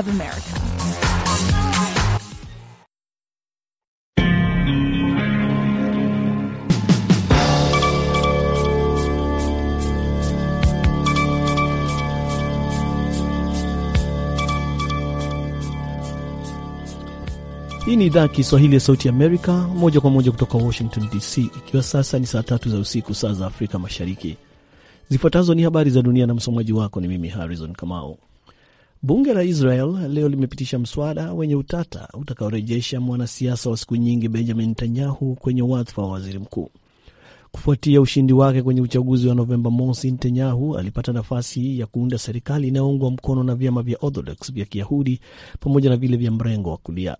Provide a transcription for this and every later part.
of America. Hii ni idhaa ya Kiswahili ya Sauti Amerika, moja kwa moja kutoka Washington DC, ikiwa sasa ni saa tatu za usiku, saa za Afrika Mashariki. Zifuatazo ni habari za dunia, na msomaji wako ni mimi Harrison Kamau. Bunge la Israel leo limepitisha mswada wenye utata utakaorejesha mwanasiasa wa siku nyingi Benjamin Netanyahu kwenye wadhifa wa waziri mkuu. Kufuatia ushindi wake kwenye uchaguzi wa Novemba mosi, Netanyahu alipata nafasi ya kuunda serikali inayoungwa mkono na vyama vya Orthodox vya Kiyahudi pamoja na vile vya mrengo wa kulia.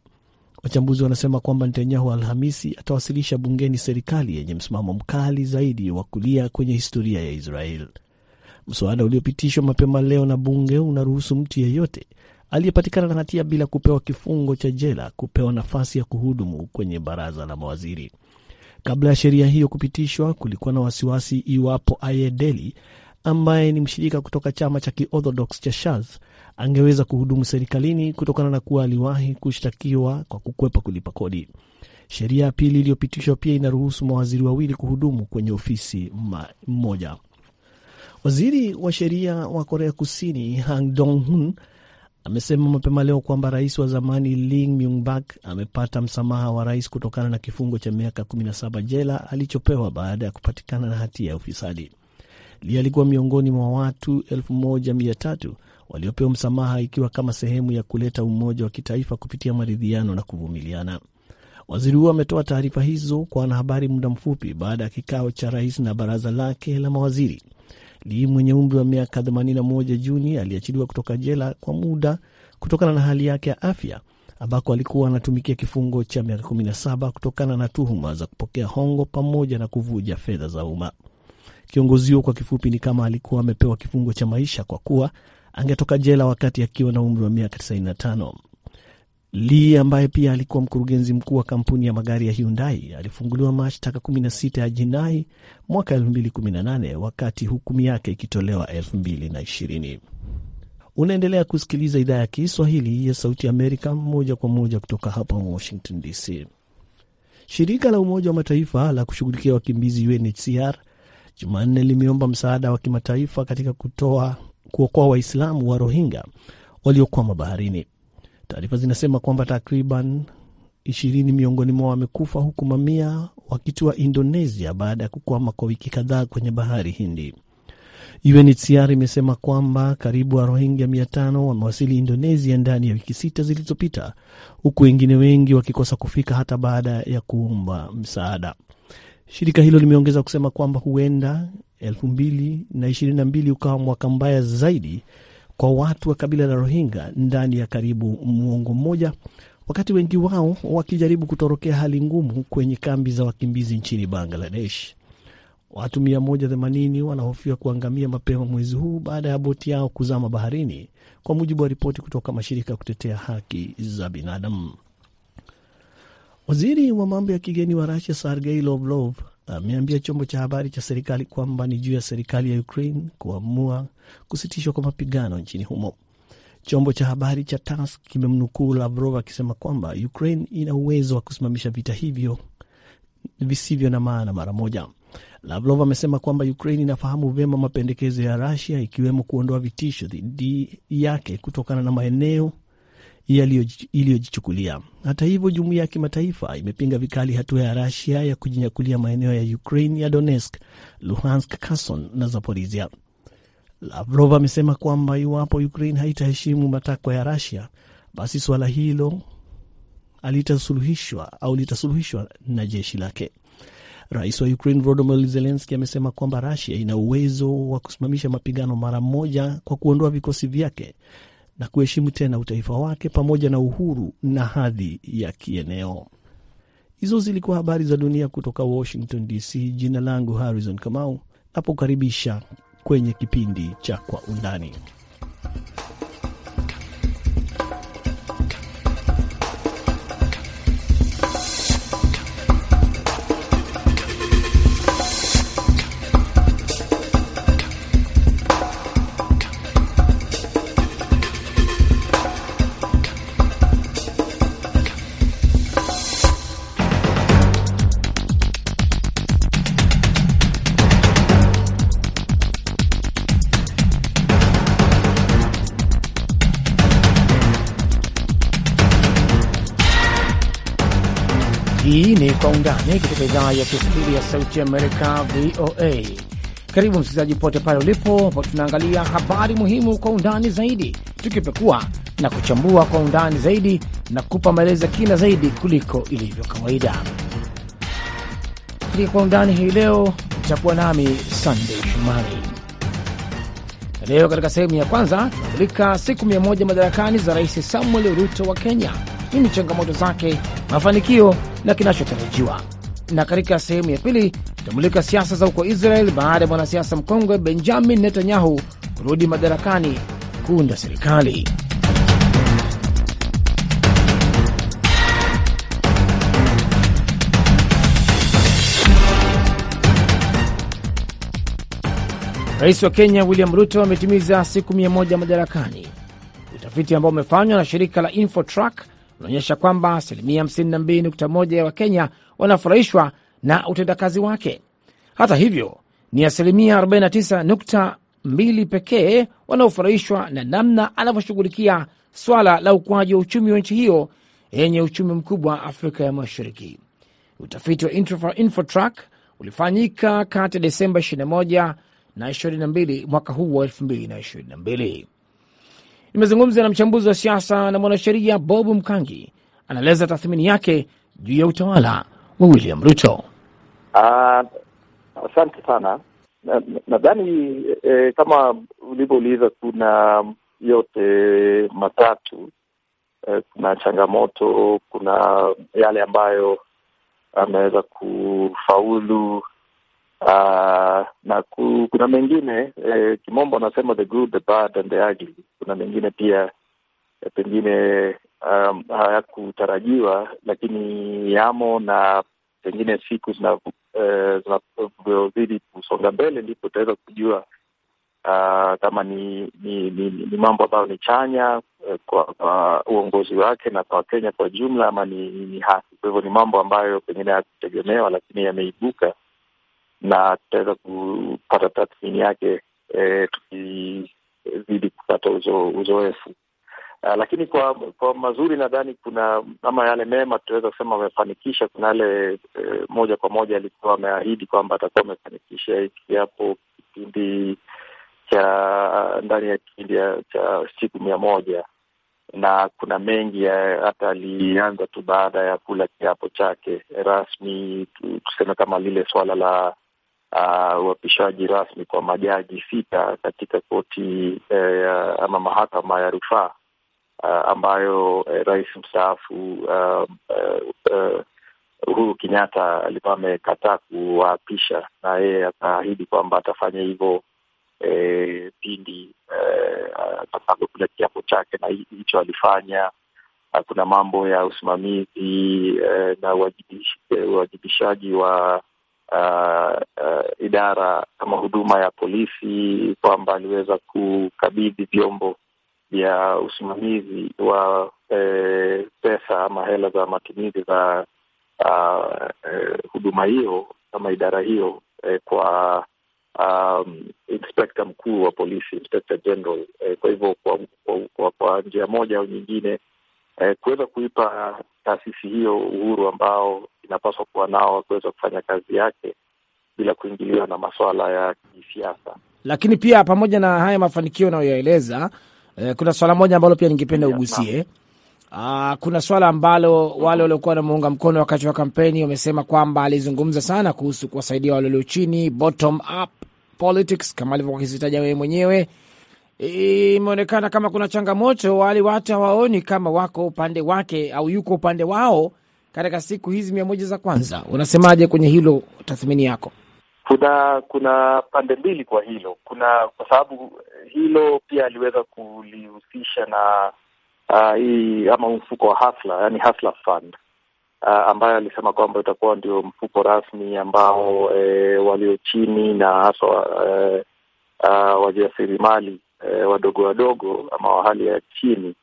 Wachambuzi wanasema kwamba Netanyahu Alhamisi atawasilisha bungeni serikali yenye msimamo mkali zaidi wa kulia kwenye historia ya Israel. Mswada uliopitishwa mapema leo na bunge unaruhusu mtu yeyote aliyepatikana na hatia bila kupewa kifungo cha jela kupewa nafasi ya kuhudumu kwenye baraza la mawaziri. Kabla ya sheria hiyo kupitishwa, kulikuwa na wasiwasi iwapo Aye Deli ambaye ni mshirika kutoka chama cha kiorthodox cha Shaz angeweza kuhudumu serikalini kutokana na kuwa aliwahi kushtakiwa kwa kukwepa kulipa kodi. Sheria ya pili iliyopitishwa pia inaruhusu mawaziri wawili kuhudumu kwenye ofisi mmoja. Waziri wa sheria wa Korea Kusini Hang Dong-hun amesema mapema leo kwamba rais wa zamani Lee Myung-bak amepata msamaha wa rais kutokana na kifungo cha miaka 17 jela alichopewa baada ya kupatikana na hatia ya ufisadi. Lee alikuwa miongoni mwa watu 1300 waliopewa msamaha ikiwa kama sehemu ya kuleta umoja wa kitaifa kupitia maridhiano na kuvumiliana. Waziri huo ametoa taarifa hizo kwa wanahabari muda mfupi baada ya kikao cha rais na baraza lake la mawaziri Lee mwenye umri wa miaka 81 Juni aliachiliwa kutoka jela kwa muda kutokana na hali yake ya afya ambako alikuwa anatumikia kifungo cha miaka 17 kutokana na tuhuma za kupokea hongo pamoja na kuvuja fedha za umma. Kiongozi huo kwa kifupi ni kama alikuwa amepewa kifungo cha maisha kwa kuwa angetoka jela wakati akiwa na umri wa miaka 95. Lee ambaye pia alikuwa mkurugenzi mkuu wa kampuni ya magari ya Hyundai alifunguliwa mashtaka 16 ya jinai mwaka 2018 wakati hukumu yake ikitolewa 2020. Unaendelea kusikiliza idhaa ya Kiswahili ya Sauti Amerika moja kwa moja kutoka hapa Washington DC. Shirika la Umoja wa Mataifa la kushughulikia wakimbizi UNHCR Jumanne limeomba msaada wa kimataifa katika kutoa kuokoa Waislamu wa Rohingya waliokwama baharini. Taarifa zinasema kwamba takriban ishirini miongoni mwao wamekufa huku mamia wakitua Indonesia baada ya kukwama kwa wiki kadhaa kwenye bahari Hindi. UNHCR imesema kwamba karibu Warohingya mia tano wamewasili Indonesia ndani ya wiki sita zilizopita, huku wengine wengi wakikosa kufika hata baada ya kuomba msaada. Shirika hilo limeongeza kusema kwamba huenda elfu mbili na ishirini na mbili ukawa mwaka mbaya zaidi kwa watu wa kabila la Rohingya ndani ya karibu muongo mmoja, wakati wengi wao wakijaribu kutorokea hali ngumu kwenye kambi za wakimbizi nchini Bangladesh. Watu 180 wanahofia kuangamia mapema mwezi huu baada ya boti yao kuzama baharini, kwa mujibu wa ripoti kutoka mashirika ya kutetea haki za binadamu. Waziri wa mambo ya kigeni wa Rasia Sergei Lavrov Uh, ameambia chombo cha habari cha serikali kwamba ni juu ya serikali ya Ukraine kuamua kusitishwa kwa mapigano nchini humo. Chombo cha habari cha TASS kimemnukuu Lavrov akisema kwamba Ukraine ina uwezo wa kusimamisha vita hivyo visivyo na maana mara moja. Lavrov amesema kwamba Ukraine inafahamu vyema mapendekezo ya Russia ikiwemo kuondoa vitisho dhidi yake kutokana na maeneo iliyojichukulia. Hata hivyo, jumuiya ya kimataifa imepinga vikali hatua ya rasia ya kujinyakulia maeneo ya Ukraine ya Donetsk, Luhansk, Kherson na Zaporizhia. Lavrov amesema kwamba iwapo Ukraine haitaheshimu matakwa ya rasia basi suala hilo alitasuluhishwa au litasuluhishwa na jeshi lake. Rais wa Ukraine Volodymyr Zelensky amesema kwamba rasia ina uwezo wa kusimamisha mapigano mara moja kwa kuondoa vikosi vyake na kuheshimu tena utaifa wake pamoja na uhuru na hadhi ya kieneo. Hizo zilikuwa habari za dunia kutoka Washington DC. Jina langu Harrison Kamau, napokaribisha kwenye kipindi cha Kwa Undani. Kwa Undani kutoka idhaa ya Kiswahili ya Sauti Amerika, VOA. Karibu msikilizaji pote pale ulipo, ambapo tunaangalia habari muhimu kwa undani zaidi, tukipekua na kuchambua kwa undani zaidi na kupa maelezo ya kina zaidi kuliko ilivyo kawaida. Katika Kwa Undani hii leo itakuwa nami Sandey Shumari. Leo katika sehemu ya kwanza tunamulika siku mia moja madarakani za Rais Samuel Ruto wa Kenya. Nini changamoto zake, mafanikio na kinachotarajiwa. Na katika sehemu ya pili tutamulika siasa za huko Israel baada ya mwanasiasa mkongwe Benjamin Netanyahu kurudi madarakani kuunda serikali. Rais wa Kenya William Ruto ametimiza siku mia moja madarakani. Utafiti ambao umefanywa na shirika la Infotrack unaonyesha kwamba asilimia 52.1 ya Wakenya wanafurahishwa na utendakazi wake. Hata hivyo, ni asilimia 49.2 pekee wanaofurahishwa na namna anavyoshughulikia swala la ukuaji wa uchumi wa nchi hiyo yenye uchumi mkubwa Afrika ya Mashariki. Utafiti wa Infotrack ulifanyika kati ya Desemba 21 na 22 mwaka huu wa 2022. Nimezungumza na mchambuzi wa siasa na mwanasheria Bob Mkangi, anaeleza tathmini yake juu ya utawala wa William Ruto. Ah, asante uh, sana. Nadhani na, e, eh, kama ulivyouliza, kuna yote matatu eh, kuna changamoto, kuna yale ambayo ameweza kufaulu Uh, na ku, kuna mengine eh, kimombo anasema the good, the bad and the ugly. Kuna mengine pia eh, pengine um, hayakutarajiwa lakini yamo, na pengine siku eh, zinavyozidi eh, kusonga mbele ndipo utaweza kujua uh, kama ni ni, ni, ni mambo ambayo ni chanya eh, kwa, kwa uongozi wake na kwa Wakenya kwa jumla ama ni, ni hasi. Kwa hivyo ni mambo ambayo pengine hayakutegemewa lakini yameibuka na tutaweza kupata tathmini yake e, tukizidi kupata uzo, uzoefu Uh, lakini kwa kwa mazuri nadhani kuna ama yale mema tutaweza kusema amefanikisha. Kuna yale e, moja kwa moja alikuwa ameahidi kwamba atakuwa amefanikisha ikiwapo kipindi cha ndani ya kipindi cha siku mia moja, na kuna mengi hata alianza tu baada ya kula kiapo chake rasmi, tuseme kama lile suala la Uh, uapishaji rasmi kwa majaji sita katika koti eh, ama mahakama ya rufaa uh, ambayo eh, rais mstaafu uh, uh, Uhuru Kenyatta alikuwa amekataa kuwaapisha, na yeye akaahidi kwamba atafanya hivyo eh, pindi atakapokula eh, kiapo chake, na hicho alifanya. Kuna mambo ya usimamizi eh, na uwajibishaji wa uh, uh, idara kama huduma ya polisi kwamba aliweza kukabidhi vyombo vya usimamizi wa eh, pesa ama hela za matumizi za uh, eh, huduma hiyo ama idara hiyo eh, kwa um, inspekta mkuu wa polisi, inspekta general eh, kwa hivyo kwa, kwa, kwa, kwa njia moja au nyingine eh, kuweza kuipa taasisi hiyo uhuru ambao inapaswa kuwa nao kuweza kufanya kazi yake bila kuingiliwa na masuala ya kisiasa. Lakini pia pamoja na haya mafanikio unayoyaeleza, eh, kuna swala moja ambalo pia ningependa ugusie. Aa, ah, kuna swala ambalo wale waliokuwa wanamuunga mkono wakati wa kampeni wamesema kwamba alizungumza sana kuhusu kuwasaidia wale walio chini, bottom up politics kama alivyokuwa akizitaja wewe mwenyewe imeonekana kama kuna changamoto, wale watu hawaoni kama wako upande wake au yuko upande wao katika siku hizi mia moja za kwanza. Unasemaje kwenye hilo, tathmini yako? Kuna kuna pande mbili kwa hilo. Kuna kwa sababu hilo pia aliweza kulihusisha na uh, hii ama mfuko wa hafla, yani hafla Fund uh, ambayo alisema kwamba itakuwa ndio mfuko rasmi ambao eh, walio chini na haswa eh, uh, wajasiriamali e, wadogo wadogo ama wa hali ya chini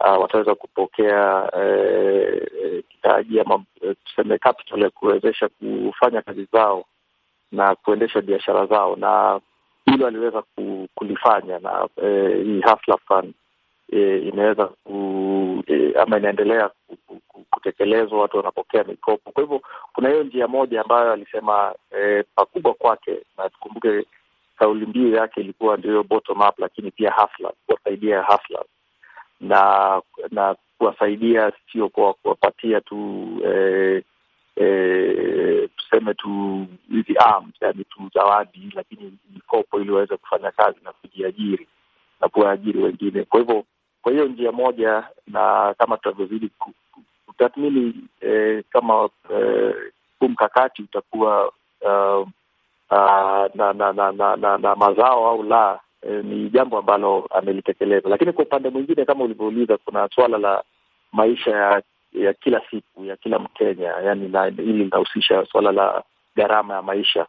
uh, wataweza kupokea e, ama eh, tuseme capital ya kuwezesha kufanya kazi zao na kuendesha biashara zao, na hilo aliweza kulifanya na e, hii hafla Fund e, inaweza ku, e, ama inaendelea kutekelezwa, watu wanapokea mikopo. Kwa hivyo kuna hiyo njia moja ambayo alisema e, pakubwa kwake, na tukumbuke kauli mbiu yake ilikuwa ndio bottom up, lakini pia kuwasaidia hustler na na kuwasaidia sio kwa kuwapatia tu eh, eh, tuseme tu hizi arms, yani tu zawadi, lakini mikopo ili waweze kufanya kazi na kujiajiri na kuwaajiri wengine. Kwa hivyo kwa hiyo njia moja, na kama tunavyozidi kutathmini eh, kama eh, huu mkakati utakuwa uh, Ah, na na na, na, na na mazao au la, eh, ni jambo ambalo amelitekeleza. Lakini kwa upande mwingine, kama ulivyouliza, kuna swala la maisha ya ya kila siku ya kila Mkenya, yani hili linahusisha suala la gharama ya maisha.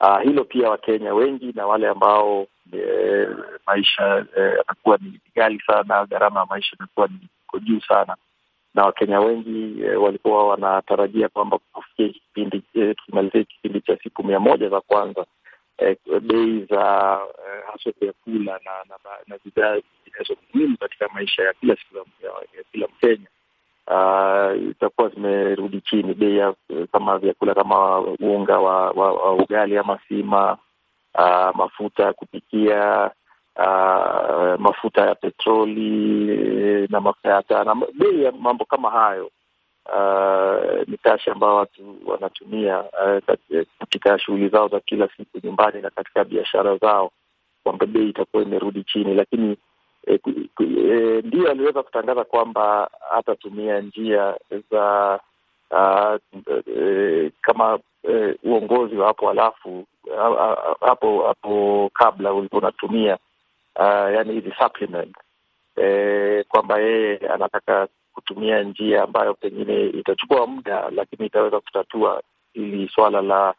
Uh, hilo pia Wakenya wengi na wale ambao e, maisha eh, yanakuwa e, ni ghali sana, gharama ya maisha imekuwa ni iko juu sana, na Wakenya wengi e, walikuwa wanatarajia kwamba kufikia kipindi e, eh, tukimalizia kipindi cha siku mia moja za kwanza e, bei za e, haswa vyakula na na, na bidhaa zinginezo muhimu katika maisha ya kila siku ya kila Mkenya ah, itakuwa uh, zimerudi chini. Bei ya kama vyakula kama unga wa, wa, wa ugali ama sima, uh, mafuta ya kupikia uh, mafuta ya petroli eh, na mafuta ya taa na bei ya mambo kama hayo. Uh, ni kashi ambayo watu wanatumia uh, katika shughuli zao za kila siku nyumbani na katika biashara zao, kwamba bei itakuwa imerudi chini, lakini eh, eh, ndio aliweza kutangaza kwamba atatumia njia za Uh, eh, kama eh, uongozi wa hapo halafu hapo hapo kabla ulikuwa unatumia uh, yani hizi supplement e, kwamba yeye anataka kutumia njia ambayo pengine itachukua muda, lakini itaweza kutatua hili swala la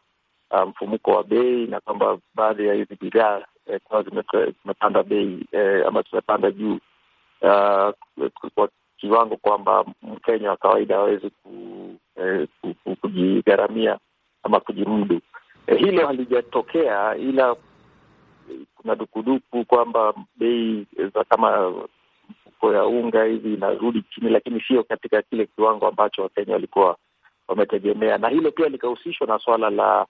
ah, mfumuko um, wa bei na kwamba baadhi ya hizi bidhaa eh, kwa zimepanda bei eh, ama zimepanda juu uh, kwa kiwango kwamba Mkenya wa kawaida hawezi eh, kujigharamia eh, ama kujimudu. Eh, hilo halijatokea ila kuna dukuduku kwamba bei za kama mfuko ya unga hivi inarudi chini, lakini sio katika kile kiwango ambacho Wakenya walikuwa wametegemea, na hilo pia likahusishwa na swala la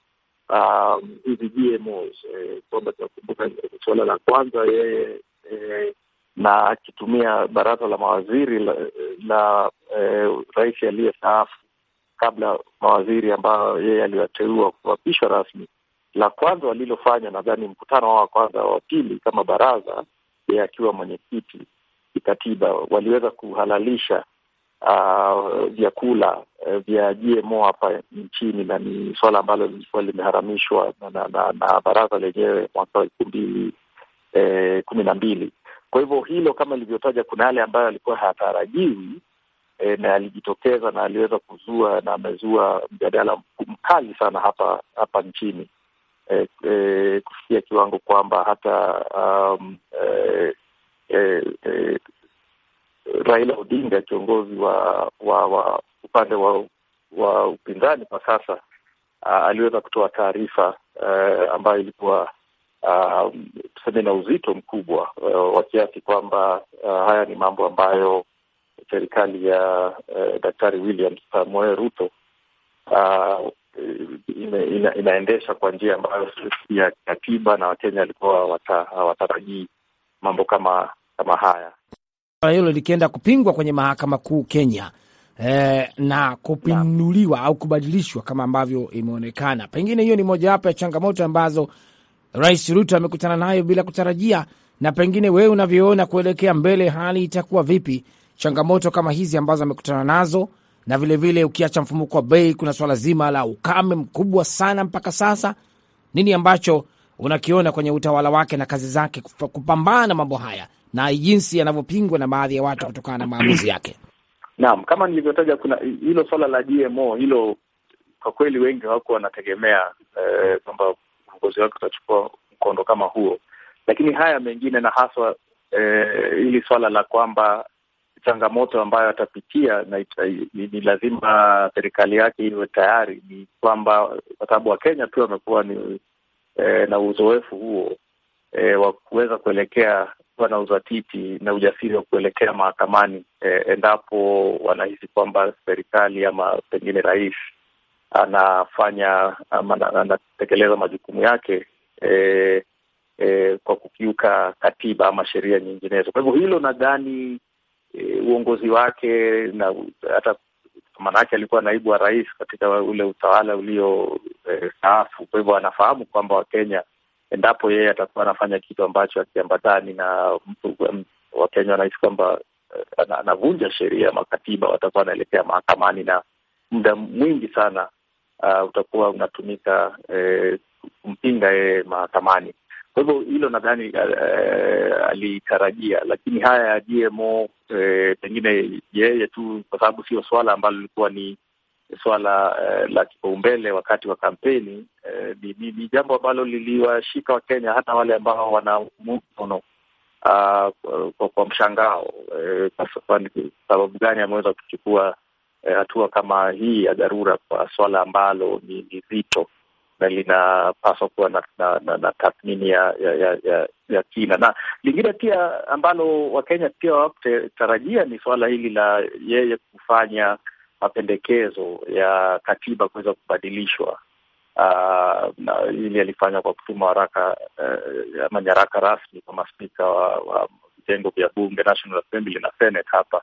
um, hizi uh, GMOs eh, kwamba tunakumbuka suala la kwanza yeye eh, na akitumia baraza la mawaziri la, la eh, rais aliyestaafu kabla mawaziri ambayo yeye aliwateua kuapishwa rasmi la kwanza walilofanya, nadhani mkutano wao wa kwanza, wa pili kama baraza, yeye akiwa mwenyekiti kikatiba, waliweza kuhalalisha uh, vyakula uh, vya GMO hapa nchini, na ni suala ambalo lilikuwa limeharamishwa na, na, na, na baraza lenyewe mwaka wa elfu mbili eh, kumi na mbili. Kwa hivyo hilo kama ilivyotaja, kuna yale ambayo alikuwa hatarajiwi eh, na alijitokeza na aliweza kuzua na amezua mjadala mkali sana hapa hapa nchini eh, eh, kufikia kiwango kwamba hata um, eh, eh, eh, Raila Odinga kiongozi wa, wa, wa upande wa, wa upinzani kwa sasa uh, aliweza kutoa taarifa uh, ambayo ilikuwa uh, tuseme na uzito mkubwa uh, wa kiasi kwamba uh, haya ni mambo ambayo serikali ya uh, Daktari William Samoei Ruto uh, Eh, ina, ina, inaendesha kwa njia ambayo si ya katiba na Wakenya walikuwa hawatarajii mambo kama kama haya. Hilo likienda kupingwa kwenye mahakama kuu Kenya eh, na kupinduliwa au kubadilishwa kama ambavyo imeonekana, pengine hiyo ni mojawapo ya changamoto ambazo Rais Ruto amekutana nayo bila kutarajia. Na pengine wewe unavyoona kuelekea mbele, hali itakuwa vipi? Changamoto kama hizi ambazo amekutana nazo na vilevile ukiacha mfumuko wa bei, kuna swala zima la ukame mkubwa sana mpaka sasa. Nini ambacho unakiona kwenye utawala wake na kazi zake kupambana mambo haya na jinsi yanavyopingwa na baadhi ya watu kutokana na maamuzi yake? Naam, kama nilivyotaja, kuna hilo swala la GMO hilo, kwa kweli wengi hawako wanategemea eh, kwamba eh, uongozi wake utachukua mkondo kama huo, lakini haya mengine na haswa eh, hili swala la kwamba changamoto ambayo atapitia na ita, ni, ni lazima serikali yake iwe tayari. Ni kwamba kwa sababu Wakenya pia wamekuwa ni eh, na uzoefu huo eh, wa kuweza kuelekea kuwa na uzatiti na ujasiri wa kuelekea mahakamani eh, endapo wanahisi kwamba serikali ama pengine rais anafanya ama anatekeleza majukumu yake eh, eh, kwa kukiuka katiba ama sheria nyinginezo. Kwa hivyo hilo nadhani e, uongozi wake na hata maanake alikuwa naibu wa rais katika ule utawala ulio e, Kwa hivyo anafahamu kwamba Wakenya, endapo yeye atakuwa anafanya kitu ambacho akiambatani na mtu, Wakenya wanahisi kwamba e, anavunja sheria makatiba, watakuwa wanaelekea mahakamani na muda mwingi sana uh, utakuwa unatumika eh, kumpinga yeye mahakamani. Kwa hivyo hilo nadhani eh, alitarajia, lakini haya ya GMO e, eh, pengine yeye tu, kwa sababu sio swala ambalo lilikuwa ni swala e, la kipaumbele wakati wa kampeni e, ni, ni, ni jambo ambalo liliwashika Wakenya hata wale ambao wana mono ah, kwa, kwa mshangao e, kwa sababu gani ameweza kuchukua e, hatua kama hii ya dharura kwa swala ambalo ni, ni zito na linapaswa kuwa na, na, na, na tathmini ya, ya, ya, ya kina. Na lingine pia ambalo Wakenya pia wakutarajia ni suala hili la yeye kufanya mapendekezo ya katiba kuweza kubadilishwa. Uh, na ili alifanya kwa kutuma waraka uh, ama nyaraka rasmi kwa maspika wa vitengo vya bunge National Assembly na Senate hapa.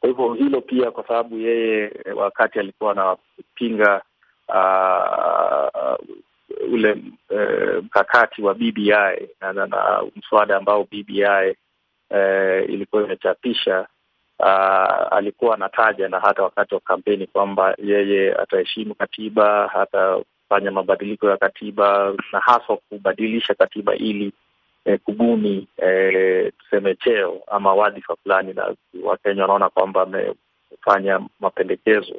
Kwa hivyo hilo pia, kwa sababu yeye wakati alikuwa anapinga uh, ule uh, mkakati wa BBI na, na, na mswada ambao BBI uh, ilikuwa imechapisha uh, alikuwa anataja na hata wakati wa kampeni kwamba yeye ataheshimu katiba, hata fanya mabadiliko ya katiba na haswa kubadilisha katiba ili eh, kubuni eh, tuseme cheo ama wadhifa fulani, na Wakenya wanaona kwamba amefanya mapendekezo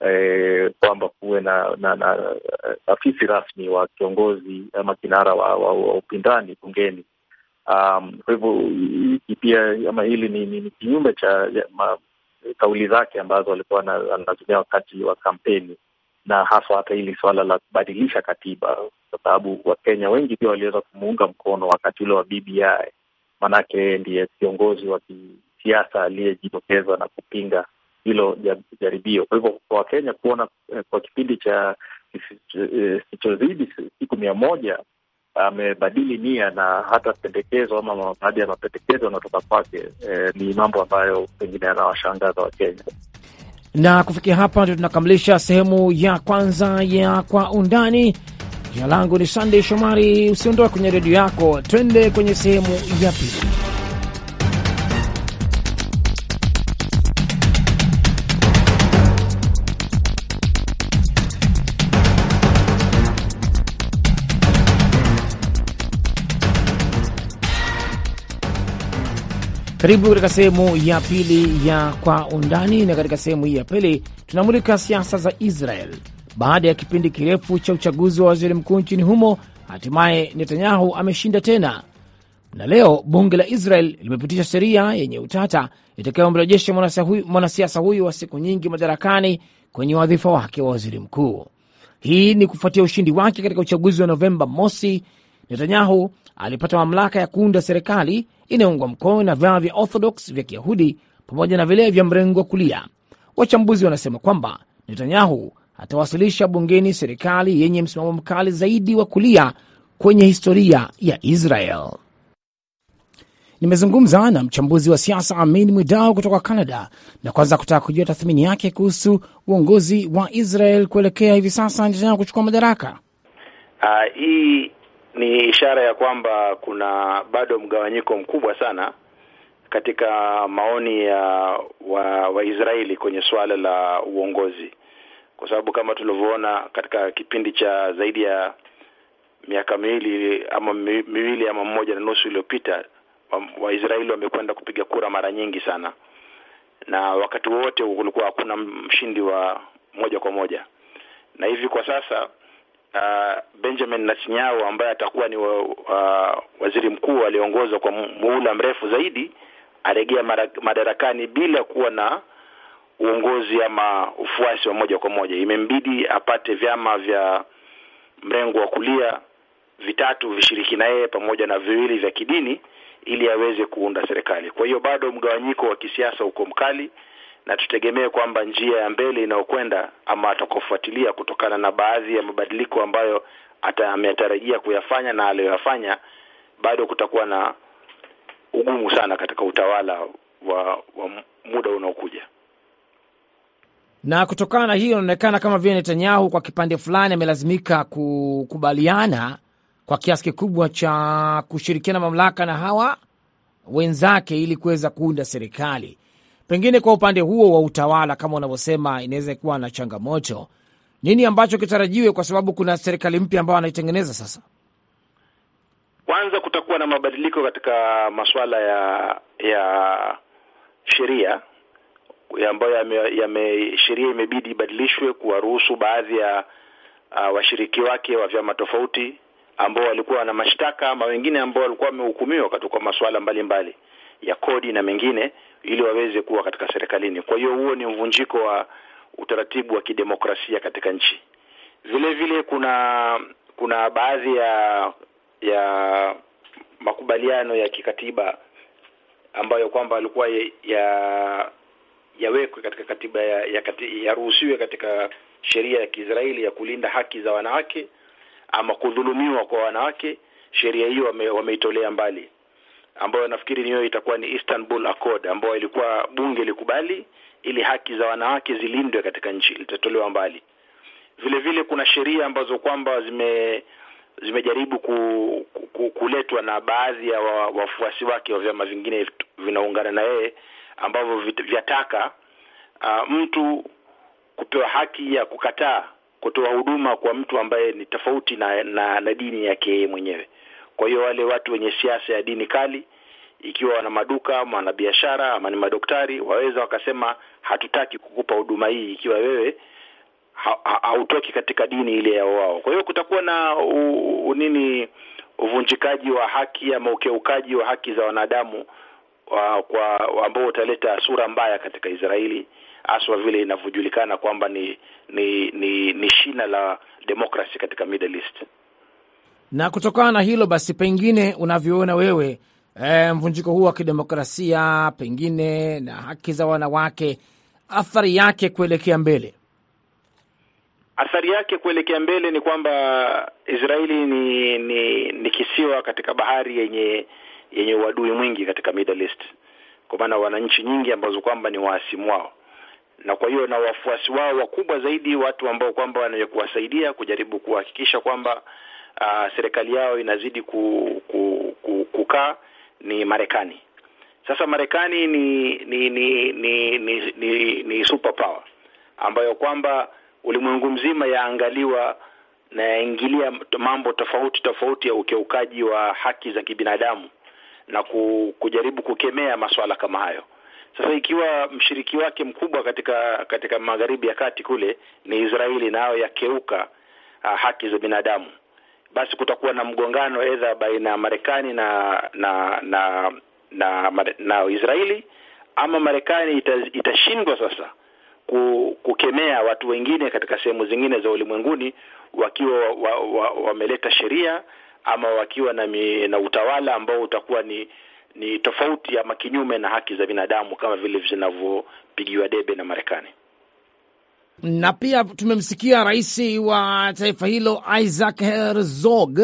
eh, kwamba kuwe na, na, na eh, afisi rasmi wa kiongozi ama kinara wa, wa, wa upindani bungeni. Um, kwa hivyo hiki pia ama hili ni, ni, ni kinyume cha ma, kauli zake ambazo alikuwa anatumia wakati wa kampeni na haswa hata hili suala la kubadilisha katiba, kwa sababu Wakenya wengi pia waliweza kumuunga mkono wakati ule wa BBI, maanake ndiye kiongozi wa kisiasa aliyejitokeza na kupinga hilo jaribio. Kwa hivyo kwa Wakenya kuona eh, kwa kipindi cha eh, kisichozidi siku mia moja amebadili nia na hata pendekezo ama baadhi ya mapendekezo yanaotoka kwake eh, ni mambo ambayo pengine yanawashangaza Wakenya. Na kufikia hapa ndio tunakamilisha sehemu ya kwanza ya Kwa Undani. Jina langu ni Sandey Shomari. Usiondoa kwenye redio yako, twende kwenye sehemu ya pili. Karibu katika sehemu ya pili ya Kwa Undani, na katika sehemu hii ya pili tunamulika siasa za Israel baada ya kipindi kirefu cha uchaguzi wa waziri mkuu nchini humo. Hatimaye Netanyahu ameshinda tena, na leo bunge la Israel limepitisha sheria yenye utata itakayomrejesha mwanasiasa huyu wa siku nyingi madarakani kwenye wadhifa wake wa waziri mkuu. Hii ni kufuatia ushindi wake katika uchaguzi wa Novemba mosi Netanyahu alipata mamlaka ya kuunda serikali inayoungwa mkono na vyama vya Orthodox vya Kiyahudi pamoja na vile vya mrengo wa kulia. Wachambuzi wanasema kwamba Netanyahu atawasilisha bungeni serikali yenye msimamo mkali zaidi wa kulia kwenye historia ya Israel. Nimezungumza na mchambuzi wa siasa Amin Mwidau kutoka Canada, na kwanza kutaka kujua tathmini yake kuhusu uongozi wa Israel kuelekea hivi sasa Netanyahu kuchukua madaraka. Uh, hii ni ishara ya kwamba kuna bado mgawanyiko mkubwa sana katika maoni ya wa Waisraeli kwenye suala la uongozi, kwa sababu kama tulivyoona katika kipindi cha zaidi ya miaka miwili ama miwili ama mmoja na nusu iliyopita, Waisraeli wamekwenda kupiga kura mara nyingi sana, na wakati wote kulikuwa hakuna mshindi wa moja kwa moja, na hivi kwa sasa na uh, Benjamin Netanyahu ambaye atakuwa ni wa, wa, waziri mkuu aliyeongoza kwa muhula mrefu zaidi aregea madarakani bila kuwa na uongozi ama ufuasi wa moja kwa moja. Imembidi apate vyama vya mrengo wa kulia vitatu vishiriki na yeye pamoja na viwili vya kidini ili aweze kuunda serikali. Kwa hiyo bado mgawanyiko wa kisiasa uko mkali na tutegemee kwamba njia ya mbele inayokwenda ama atakofuatilia kutokana na baadhi ya mabadiliko ambayo ametarajia kuyafanya na aliyoyafanya, bado kutakuwa na ugumu sana katika utawala wa, wa muda unaokuja. Na kutokana na hiyo, inaonekana kama vile Netanyahu kwa kipande fulani amelazimika kukubaliana kwa kiasi kikubwa cha kushirikiana mamlaka na hawa wenzake ili kuweza kuunda serikali. Pengine kwa upande huo wa utawala, kama unavyosema, inaweza kuwa na changamoto. Nini ambacho kitarajiwe, kwa sababu kuna serikali mpya ambayo anaitengeneza sasa? Kwanza kutakuwa na mabadiliko katika masuala ya ya sheria ambayo ya yame, sheria imebidi ibadilishwe kuwaruhusu baadhi ya uh, washiriki wake wa vyama tofauti ambao walikuwa na mashtaka ama wengine ambao walikuwa wamehukumiwa katika masuala mbalimbali ya kodi na mengine ili waweze kuwa katika serikalini. Kwa hiyo huo ni mvunjiko wa utaratibu wa kidemokrasia katika nchi. Vile vile kuna kuna baadhi ya ya makubaliano ya kikatiba ambayo kwamba alikuwa ya yawekwe katika katiba ya yaruhusiwe ya katika sheria ya Kiisraeli ya kulinda haki za wanawake ama kudhulumiwa kwa wanawake, sheria hiyo wame, wameitolea mbali ambayo nafikiri niyo itakuwa ni Istanbul Accord ambayo ilikuwa bunge likubali ili haki za wanawake zilindwe katika nchi, litatolewa mbali. Vile vile kuna sheria ambazo kwamba zime zimejaribu ku, ku, kuletwa na baadhi ya wa, wafuasi wake wa vyama vingine vinaungana na yeye ambavyo vyataka uh, mtu kupewa haki ya kukataa kutoa huduma kwa mtu ambaye ni tofauti na, na, na dini yake mwenyewe. Kwa hiyo wale watu wenye siasa ya dini kali, ikiwa wana maduka ama wana biashara ama ni madaktari, waweza wakasema hatutaki kukupa huduma hii ikiwa wewe hautoki ha, katika dini ile ya wao. Kwa hiyo kutakuwa na u, u, nini uvunjikaji wa haki ama ukeukaji wa haki za wanadamu wa, kwa ambao utaleta sura mbaya katika Israeli haswa vile inavyojulikana kwamba ni ni, ni ni shina la demokrasi katika Middle East. Na kutokana na hilo basi, pengine unavyoona wewe e, mvunjiko huu wa kidemokrasia pengine na haki za wanawake, athari yake kuelekea mbele athari yake kuelekea mbele ni kwamba Israeli ni, ni ni kisiwa katika bahari yenye yenye uadui mwingi katika Middle East, kwa maana wana nchi nyingi ambazo kwamba ni waasimu wao, na kwa hiyo na wafuasi wao wakubwa zaidi, watu ambao kwamba wanaweza kuwasaidia kujaribu kuhakikisha kwamba uh, serikali yao inazidi ku, ku, ku, kukaa ni Marekani. Sasa Marekani ni ni ni ni, ni, ni, ni super power ambayo kwamba ulimwengu mzima yaangaliwa na yaingilia mambo tofauti tofauti ya ukiukaji wa haki za kibinadamu na kujaribu kukemea masuala kama hayo. Sasa ikiwa mshiriki wake mkubwa katika katika magharibi ya kati kule ni Israeli, nayo yakeuka ah, haki za binadamu, basi kutakuwa na mgongano edha baina ya Marekani na na na na, na, na Israeli ama Marekani itashindwa sasa kukemea watu wengine katika sehemu zingine za ulimwenguni wakiwa wameleta wa, wa, wa sheria ama wakiwa na, mi, na utawala ambao utakuwa ni ni tofauti ama kinyume na haki za binadamu kama vile zinavyopigiwa debe na Marekani na pia tumemsikia rais wa taifa hilo Isaac Herzog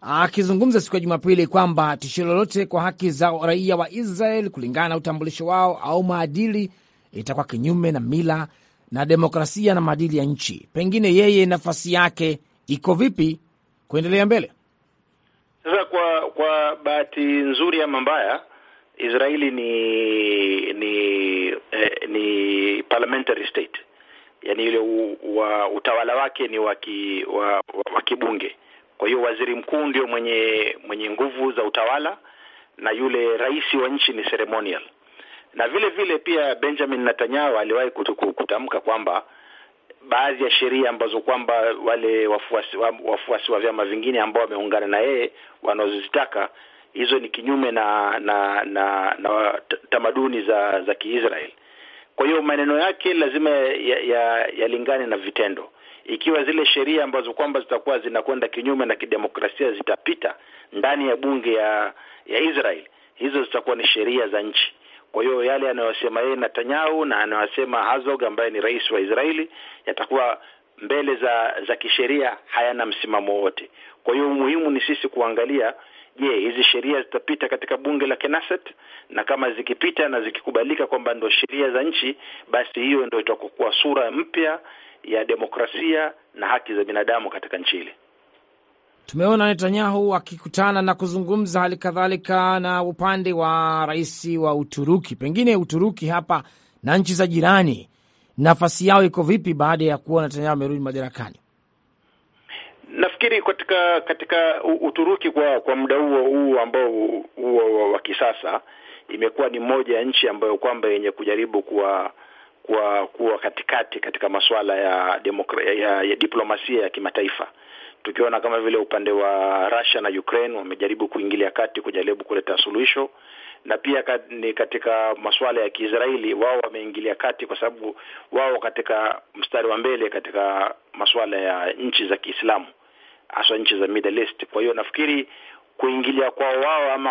akizungumza siku ya Jumapili kwamba tishio lolote kwa haki za raia wa Israel kulingana na utambulisho wao au maadili itakuwa kinyume na mila na demokrasia na maadili ya nchi. Pengine yeye nafasi yake iko vipi kuendelea mbele? Sasa kwa kwa bahati nzuri ama mbaya, Israeli ni ni, eh, ni parliamentary state yani ile u, wa, utawala wake ni waki, wa, wa, wa kibunge. Kwa hiyo waziri mkuu ndio mwenye mwenye nguvu za utawala na yule rais wa nchi ni ceremonial. Na vile vile pia Benjamin Netanyahu aliwahi kutamka kwamba baadhi ya sheria ambazo kwamba wale wafuasi wa, wafuasi wa vyama vingine ambao wameungana na yeye wanazozitaka hizo ni kinyume na na na, na tamaduni za za Kiisraeli. Kwa hiyo maneno yake lazima yalingane ya, ya na vitendo. Ikiwa zile sheria ambazo kwamba zitakuwa zinakwenda kinyume na kidemokrasia zitapita ndani ya bunge ya ya Israel, hizo zitakuwa ni sheria za nchi. Kwa hiyo yale anayosema yeye Netanyahu na anayosema Herzog ambaye ni rais wa Israeli yatakuwa mbele za za kisheria hayana msimamo wote. Kwa hiyo umuhimu ni sisi kuangalia je, hizi sheria zitapita katika bunge la Knesset? Na kama zikipita na zikikubalika kwamba ndo sheria za nchi, basi hiyo ndo itakokuwa sura mpya ya demokrasia na haki za binadamu katika nchi ile. Tumeona Netanyahu akikutana na kuzungumza hali kadhalika na upande wa rais wa Uturuki. Pengine Uturuki hapa na nchi za jirani, nafasi yao iko vipi baada ya kuona Netanyahu amerudi madarakani? nafikiri katika katika Uturuki kwa kwa muda huo huu ambao huo wa kisasa imekuwa ni moja ya nchi ambayo kwamba yenye kujaribu kuwa kuwa kuwa katikati katika masuala ya, ya, ya diplomasia ya kimataifa tukiona kama vile upande wa Russia na Ukraine wamejaribu kuingilia kati kujaribu kuleta suluhisho, na pia ni katika masuala ya Kiisraeli wao wameingilia kati, kwa sababu wao katika mstari wa mbele katika masuala ya nchi za Kiislamu hasa nchi za Middle East. Kwa hiyo nafikiri kuingilia kwao wao ama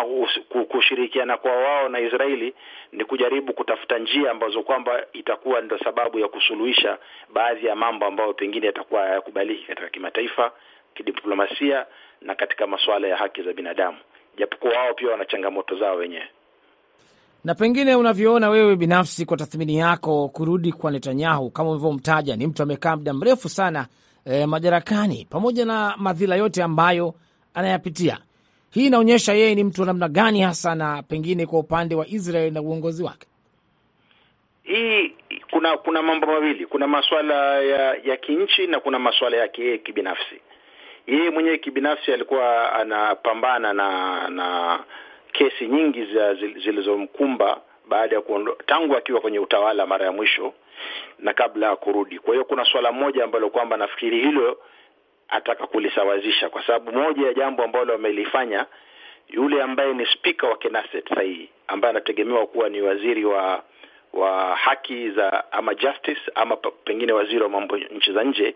kushirikiana kwao wao na Israeli ni kujaribu kutafuta njia ambazo kwamba itakuwa ndo sababu ya kusuluhisha baadhi ya mambo ambayo pengine yatakuwa hayakubaliki katika kimataifa, kidiplomasia na katika masuala ya haki za binadamu, japokuwa wao pia wana changamoto zao wenyewe. Na pengine unavyoona wewe binafsi, kwa tathmini yako, kurudi kwa Netanyahu kama ulivyomtaja, ni mtu amekaa muda mrefu sana e, madarakani pamoja na madhila yote ambayo anayapitia. Hii inaonyesha yeye ni mtu wa namna gani hasa, na pengine kwa upande wa Israel na uongozi wake hii kuna kuna mambo mawili, kuna masuala ya ya kinchi na kuna masuala yake yeye kibinafsi. Yeye mwenyewe kibinafsi alikuwa anapambana na na kesi nyingi zilizomkumba baada ya kuondo, tangu akiwa kwenye utawala mara ya mwisho na kabla ya kurudi. Kwa hiyo kuna swala moja ambalo kwamba nafikiri hilo ataka kulisawazisha, kwa sababu moja ya jambo ambalo wamelifanya yule ambaye ni spika wa Knesset sasa hivi ambaye anategemewa kuwa ni waziri wa wa haki za ama justice ama pengine waziri wa mambo nchi za nje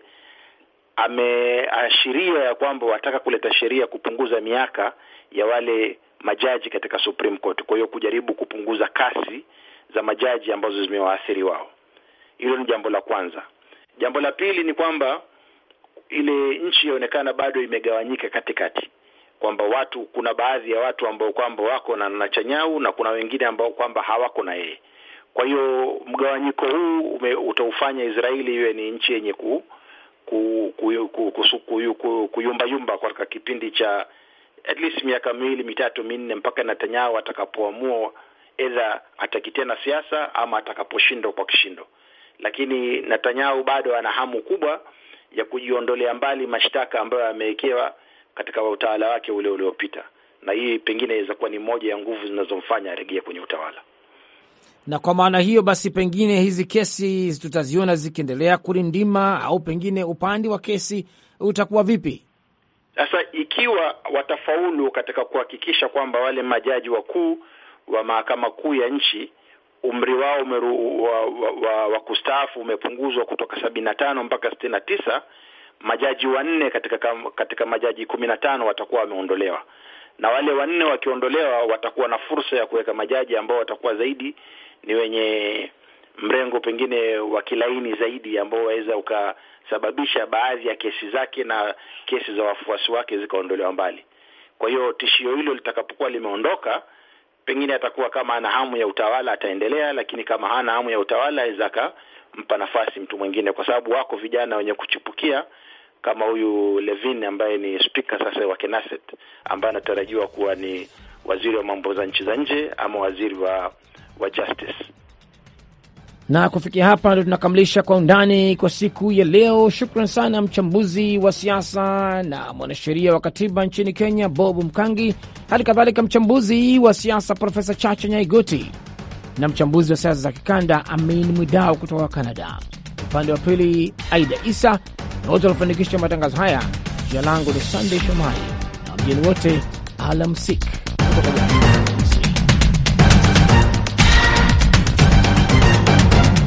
ameashiria ya kwamba wataka kuleta sheria kupunguza miaka ya wale majaji katika Supreme Court, kwa hiyo kujaribu kupunguza kasi za majaji ambazo zimewaathiri wao. Hilo ni jambo la kwanza. Jambo la pili ni kwamba ile nchi inaonekana bado imegawanyika katikati, kwamba watu, kuna baadhi ya watu ambao kwamba wako na Nachanyau na kuna wengine ambao kwamba hawako na yeye. Kwa hiyo mgawanyiko huu utaufanya Israeli iwe ni nchi yenye ku, ku, ku, ku, ku, ku, ku, ku, kuyumbayumba katika kipindi cha at least miaka miwili mitatu minne mpaka Netanyahu atakapoamua edha ataki tena siasa ama atakaposhindwa kwa kishindo. Lakini Netanyahu bado ana hamu kubwa ya kujiondolea mbali mashtaka ambayo amewekewa katika utawala wake ule uliopita, na hii pengine inaweza kuwa ni moja ya nguvu zinazomfanya aregee kwenye utawala. Na kwa maana hiyo basi, pengine hizi kesi tutaziona zikiendelea kurindima, au pengine upande wa kesi utakuwa vipi? Sasa ikiwa watafaulu katika kuhakikisha kwamba wale majaji wakuu wa mahakama kuu ya nchi umri wao umeru, wa, wa, wa, wa kustaafu umepunguzwa kutoka sabini na tano mpaka sitini na tisa majaji wanne katika katika majaji kumi na tano watakuwa wameondolewa, na wale wanne wakiondolewa watakuwa na fursa ya kuweka majaji ambao watakuwa zaidi ni wenye mrengo pengine wa kilaini zaidi ambao waweza ukasababisha baadhi ya kesi zake na kesi za wafuasi wake zikaondolewa mbali. Kwa hiyo tishio hilo litakapokuwa limeondoka, pengine atakuwa kama ana hamu ya utawala ataendelea, lakini kama hana hamu ya utawala aweza akampa nafasi mtu mwingine, kwa sababu wako vijana wenye kuchipukia kama huyu Levin ambaye ni spika sasa wa Knesset ambaye anatarajiwa kuwa ni waziri wa mambo za nchi za nje ama waziri wa wa justice. Na kufikia hapa ndio tunakamilisha kwa undani kwa siku ya leo. Shukran sana mchambuzi wa siasa na mwanasheria wa katiba nchini Kenya, Bob Mkangi, hali kadhalika mchambuzi wa siasa Profesa Chacha Nyaigoti na mchambuzi wa siasa za kikanda Amin Mwidau kutoka Canada, upande wa pili Aida Isa na wote waliofanikisha matangazo haya. Jina langu ni Sandey Shomari na wageni wote, alamsik kutoka